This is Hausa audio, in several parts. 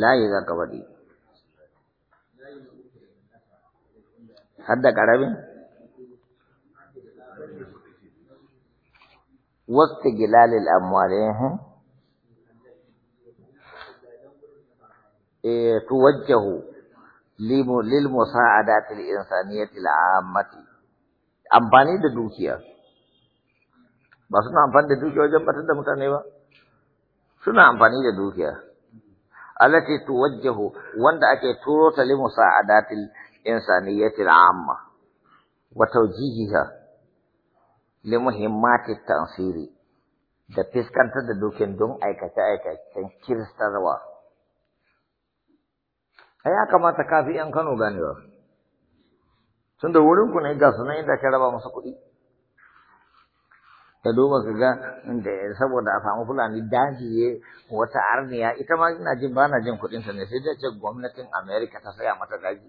layi za ka faɗi har da wasu gilalil amwalihim توجه للمساعدات a العامة amfani da dukiya ba suna amfani da dukiya wajen batar da mutane ba suna amfani da dukiya alati tuwajjahu wanda ake turo ta li musa'adatil insaniyatil amma wa tawjihiha li muhimmatit tansiri da fiskanta da dokin don aikace aikacen kiristarwa a kamata kafi yan kano ganewa tun da wurin ku ne ga sunan inda ka raba masa kuɗi ka duba ka ga inda saboda a samu fulani dajiye wata arniya ita ma ina jin bana jin kuɗin ta ne sai dai ce gwamnatin America ta saya mata daji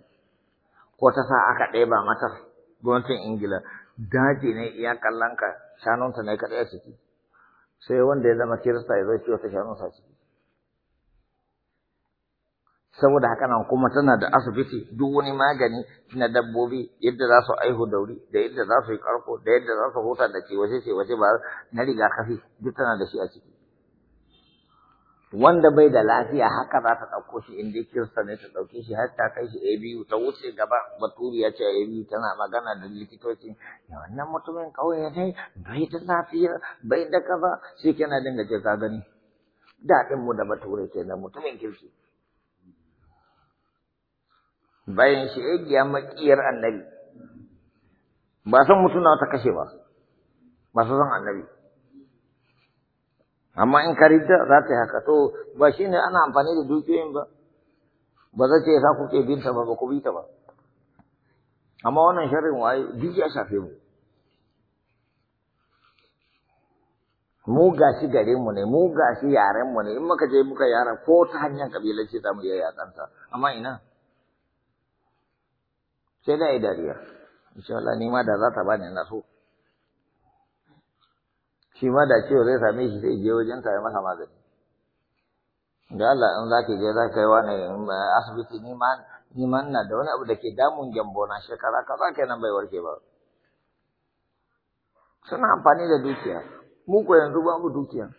ko ta sa aka ɗeba mata gwamnatin Ingila daji ne iya kallon ka shanunta ne kaɗai a ciki sai wanda ya zama kirista ya zai ciwo ta shanunsa ciki saboda haka nan kuma tana da asibiti duk wani magani na dabbobi yadda za su aihu da wuri da yadda za su yi karko da yadda za su huta da cewace-cewace ba na riga kafi. duk tana da shi a ciki wanda bai da lafiya haka za ta ɗauko shi inda kirsa ne ta ɗauke shi har ta kai shi a biyu ta wuce gaba baturi ya ce a biyu tana magana da likitoci ya wannan mutumin ƙauye ne bai da lafiya bai da kaza shi kana dinga ce ka gani daɗin mu da bature ke da mutumin kirki bayan shi ya maƙiyar annabi ba san mutuna ta kashe ba ba su san annabi amma in karita za ta yi haka to ba shi ne ana amfani da dukiyoyin ba ba za ce ya sa kuke binta ba ba ku bi ta ba amma wannan sharrin waye duk ya shafe mu mu shi gare mu ne mu shi yaren mu ne in muka je muka yara ko ta hanyar kabilanci za mu iya yakanta amma ina sai da dariya insha Allah ni ma da za ta bani na so shi ma da cewa zai same shi sai je wajen ta masa magani da Allah in zaki je za ka yi wani eh, asibiti ni ma ni ma na da wani abu da ke damun gambo na shekara ka kai nan bai warke ba suna amfani da dukiya mu ko yanzu ba mu dukiya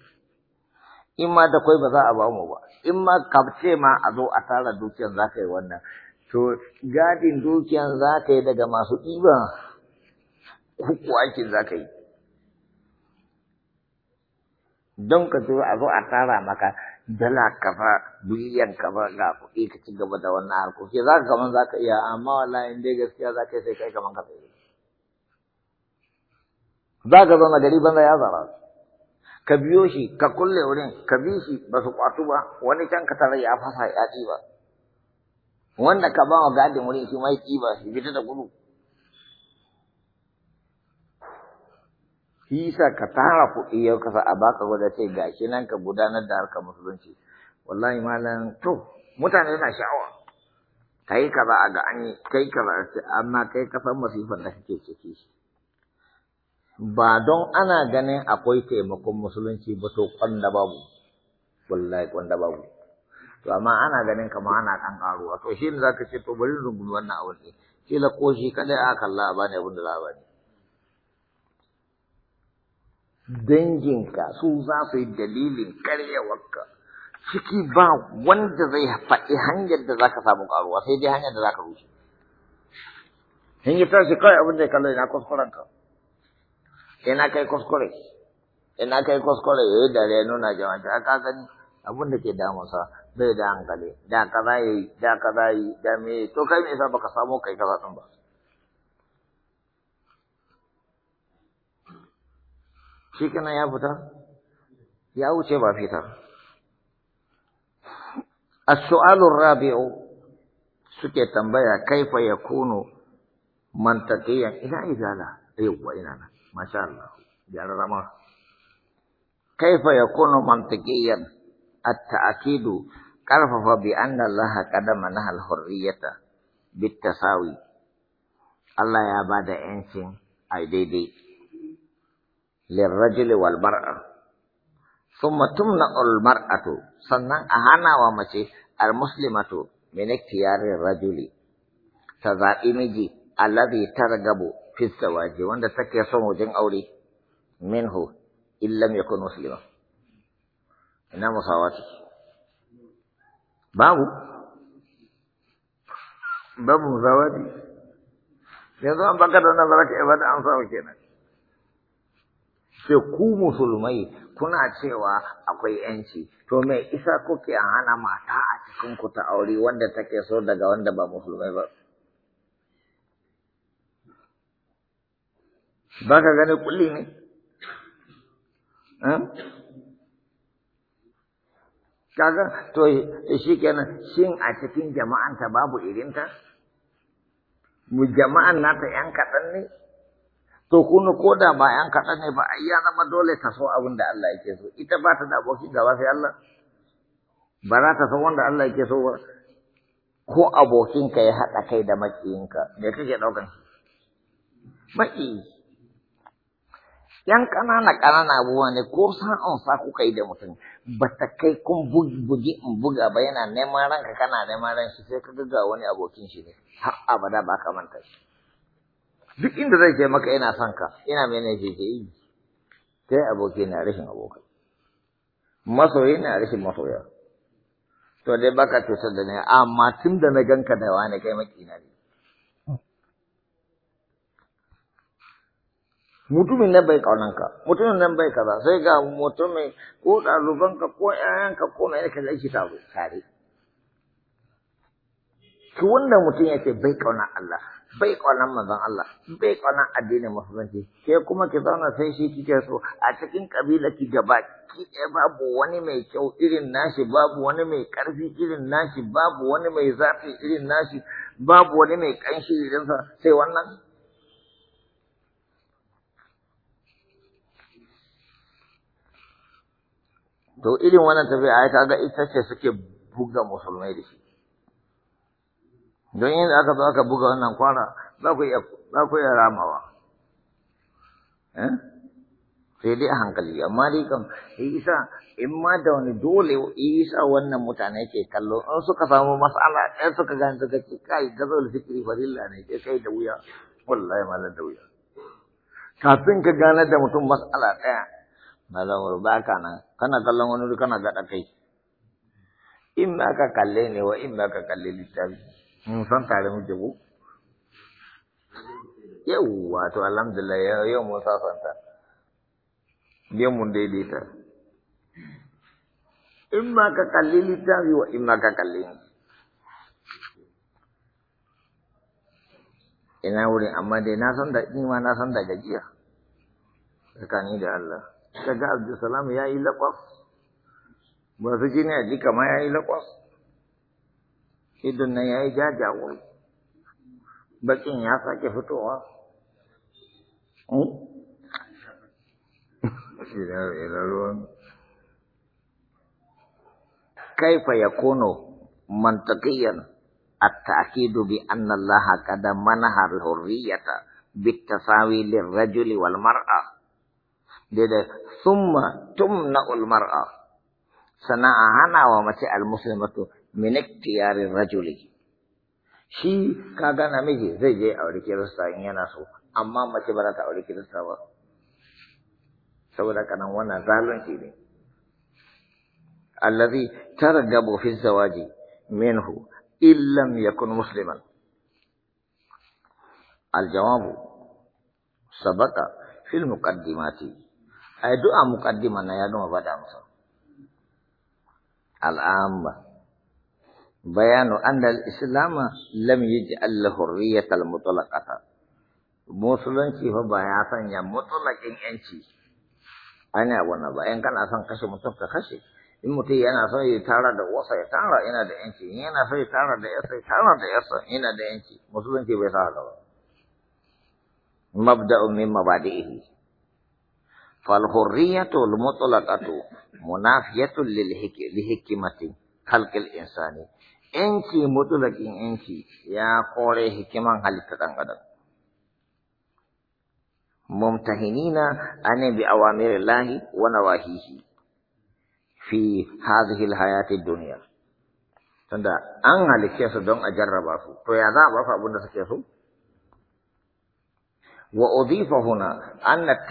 in ma da kwai ba za a ba mu ba in ma ka ce ma a zo a tara dukiyar za ka yi wannan To, gadin dukiyan za ka yi daga masu ɗiba, kuku aikin za ka yi. Don ka zo a zo a tara maka dala kafa, biliyan kafa ga kuɗi ka ci gaba da wannan harkoki za ka kaman za ka iya amma wallahi in dai gaskiya za ka yi sai kai kaman ka tsaye. Za ka zauna gari banza ya zara ka biyo shi ka kulle wurin ka bi shi ba su kwatu ba wani can ka tare ya fasa ya ci ba. wanda ka ba wa gadin wurin shi ma ya kiba shi fita da gudu shi ka tara kuɗi yau ka sa a baka gwada ce shi nan ka gudanar da harkar musulunci wallahi malam to mutane na sha'awa kai ba a ga an yi kai kaza amma kai ka san masifar da kake ciki ba don ana ganin akwai taimakon musulunci ba to kwanda babu wallahi kwanda babu to amma ana ganin kamar ana kan karuwa to shi ne zaka ce to bari rungumi wannan abin ne kila ko shi kadai a kalla a bani abin da za a bani danginka su za su yi dalilin karyawarka ciki ba wanda zai faɗi hanyar da za ka samu karuwa sai dai hanyar da za ka rushe hin yi tashi kawai abin da ya kalla ina kuskuren ka ina kai kuskure ina kai kuskure ya yi dare nuna jama'a aka gani abin da ke damunsa bai da hankali da kaza yi da kaza yi da me to kai me yasa baka samu kai kaza din ba shi kana ya fita ya wuce ba fita السؤال الرابع suke tambaya kaifa ya kuno mantakiyan ina izala yawwa ina na masha Allah gyara rama kaifa ya kuno mantakiyan A ta'akidu, ƙarfafa biyar da lahan ƙaddamar na halihorriyarta, bitta sawi. Allah ya ba da 'yancin, ayi dai-dai. Lin rajuli wal mar'an. Suma tumna walmar'atu, sannan a hana wa mace a musulmato. Minitiya lin rajuli. Ta zaɓi miji a ladin ta ragabu fita waje wanda take ke son wajen aure. Minhu illam ya kuni ina musawati babu babu musawati yanzu an baka da wannan baraka ibada an samu kenan sai ku musulmai kuna cewa akwai yanci to mai isa kuke hana mata a cikin ku ta aure wanda take so daga wanda ba musulmai ba ba ka gani kulli ne eh? kaga to shi kenan shin a cikin jama'anta babu irinta mu jama'an nata yan kaɗan ne to kuma ko da ba yan kaɗan ne ba ai ya zama dole ta so abin da Allah yake so ita ba ta da abokin gaba sai Allah ba za ta so wanda Allah yake so ba ko abokinka ya haɗa kai da maƙiyinka me kake ɗaukan maƙiyi yan ƙanana ƙanana abubuwa ne ko sa'an sa kuka yi da mutum ba ta kai kun bugi in buga ba yana neman ranka kana neman ran shi sai ka ga wani abokin shi ne har abada ba ka manta shi duk inda zai je maka yana son ka yana mai ne ke ke yi kai aboki na rashin abokai masoyi na rashin masoya to dai baka cutar da ni amma tun da na ganka da wani kai makina ne mutumin nan bai kaunanka mutumin nan bai kaza sai ga mutumin ko ka ko ƴaƴanka ko mai yake da ake taro tare ki wanda mutum yake bai kauna Allah bai kauna manzon Allah bai kauna addinin musulunci ke kuma ki zauna sai shi kike so a cikin kabila ki gaba ki babu wani mai kyau irin nashi babu wani mai karfi irin nashi babu wani mai zafi irin nashi babu wani mai kanshi irin sa sai wannan to irin wannan tafiya ai kaga ita ce suke buga musulmai da shi don yin aka zo aka buga wannan kwana za ku iya za ku iya ramawa eh? sai dai a hankali amma dai kam isa in ma da wani dole isa wannan mutane ke kallo in suka samu mas'ala ɗaya suka gane suka ce kai gazal fikri farilla ne ke kai da wuya wallahi malam da wuya kafin ka gane da mutum mas'ala ɗaya maza wuri ba ka nan kana kallon wani wuri kana gaɗa kai in ba ka kalle ne wa in ba ka kalle littafi mun san tare muke ko yawwa to alhamdulillah yau mun sasanta yau mun daidaita in ba ka kalli littafi wa in ba ka kalli ni ina wurin amma dai na san da ni ma na san da gajiya tsakani da Allah ka ga Abdulsalam ya yi laƙwas, ba su ji ne a ma ya yi laƙwas, idan na ya yi jajawar, baƙin ya sake fitowa. Hmm? Kaifa ya kono mantakiyar a ta'akidu bi annallaha kada manahar hurriyata bi tasawi lirrajuli wal mar'a. daidai summa tumna ul mar'a sana ana wa mace muslimatu min ikhtiyari rajuli shi kaga namiji zai je aure kirista in yana so amma mace ba za ta aure kirista ba saboda kanan wannan zalunci ne allazi targabu fi zawaji minhu illam yakun musliman الجواب سبق في المقدمات ai du'a muqaddima na ya gama bada al al'amma bayanu anna al-islam lam yaj'al lahu al mutlaqata musulunci fa ba ya sanya mutlaqin yanci ana wannan ba in kana son kashe mutum ka kashe in mutum yana son ya tara da wasa ya tara yana da yanci in yana son ya tara da yasa ya tara da yasa yana da yanci musulunci bai sa haka ba mabda'u mimma mabadi'ihi فالحرية المطلقة منافية لحكمة خلق الإنسان إنكي مطلق إنكي يا قولي حكمة هل تنقدر ممتهنين أن بأوامر الله ونواهيه في هذه الحياة الدنيا تندا أن هل su دون a jarraba su to ya za a ba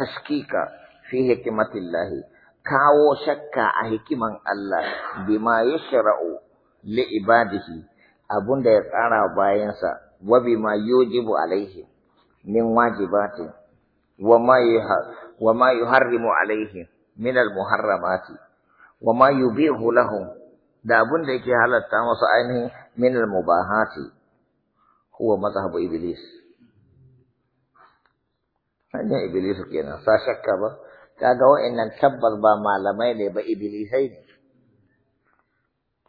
su abin fi hikimatillahi kawo shakka a hikiman Allah bima yashra'u li ibadihi abunda ya tsara bayansa wa bima yujibu alaihi min wajibati wa ma wa ma yuharrimu alaihi min almuharramati wa ma yubihu lahum da abunda yake halatta masu ainihi min almubahati huwa mazhabu iblis hanya iblis kenan sa shakka ba kaga wa'annan tabbas ba malamai ne ba iblisai ne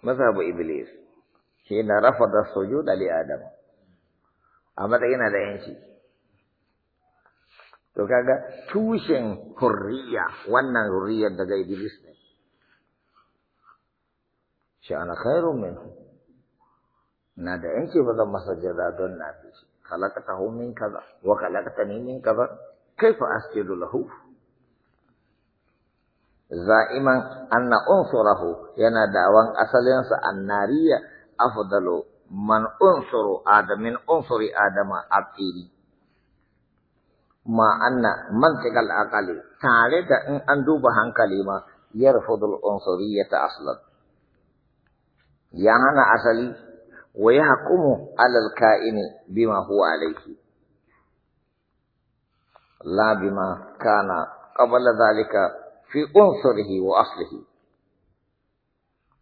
mazhabu iblis shi na rafa da sujud ali adam a matsayin da yanci to kaga tushen hurriya wannan hurriyar daga iblis ne shi ana khairu min na da yanci ba zan masa jaza don na fi shi khalaqatahu min kaza wa khalaqtani min kaza kaifa asjudu lahu za'iman anna unsurahu yana da'awan asalinsa annariya afdalu man unsuru adamin unsuri adama aqili ma anna mantiqal aqali tare da in an duba hankali ma yarfudul unsuriyata aslan ya hana asali wa yahkumu alal ka'ini bima huwa alayhi la bima kana qabla dhalika في عنصره وأصله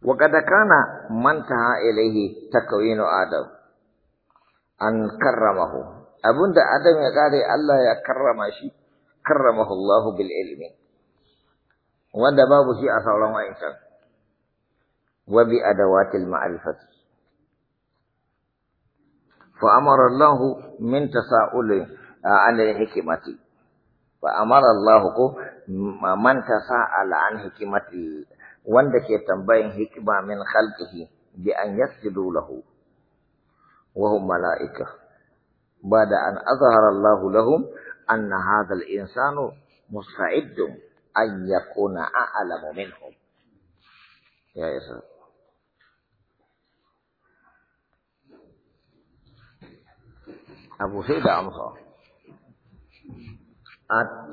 وقد كان منتهى إليه تكوين آدم أن كرمه أبن آدم قال الله كرم شيء كرمه الله بالعلم وده باب شيء أصلا وإنسان وبأدوات المعرفة فأمر الله من تساؤل آه، عن الحكمة وأمر الله من تساءل عن حكمته wanda ke tambayin hikima min khalqihi bi an yasjudu lahu wa hum malaika bada an azhara Allah lahum anna hadha al-insanu musta'iddun an yakuna a'lamu minhum ya isa Abu Sa'id amsa at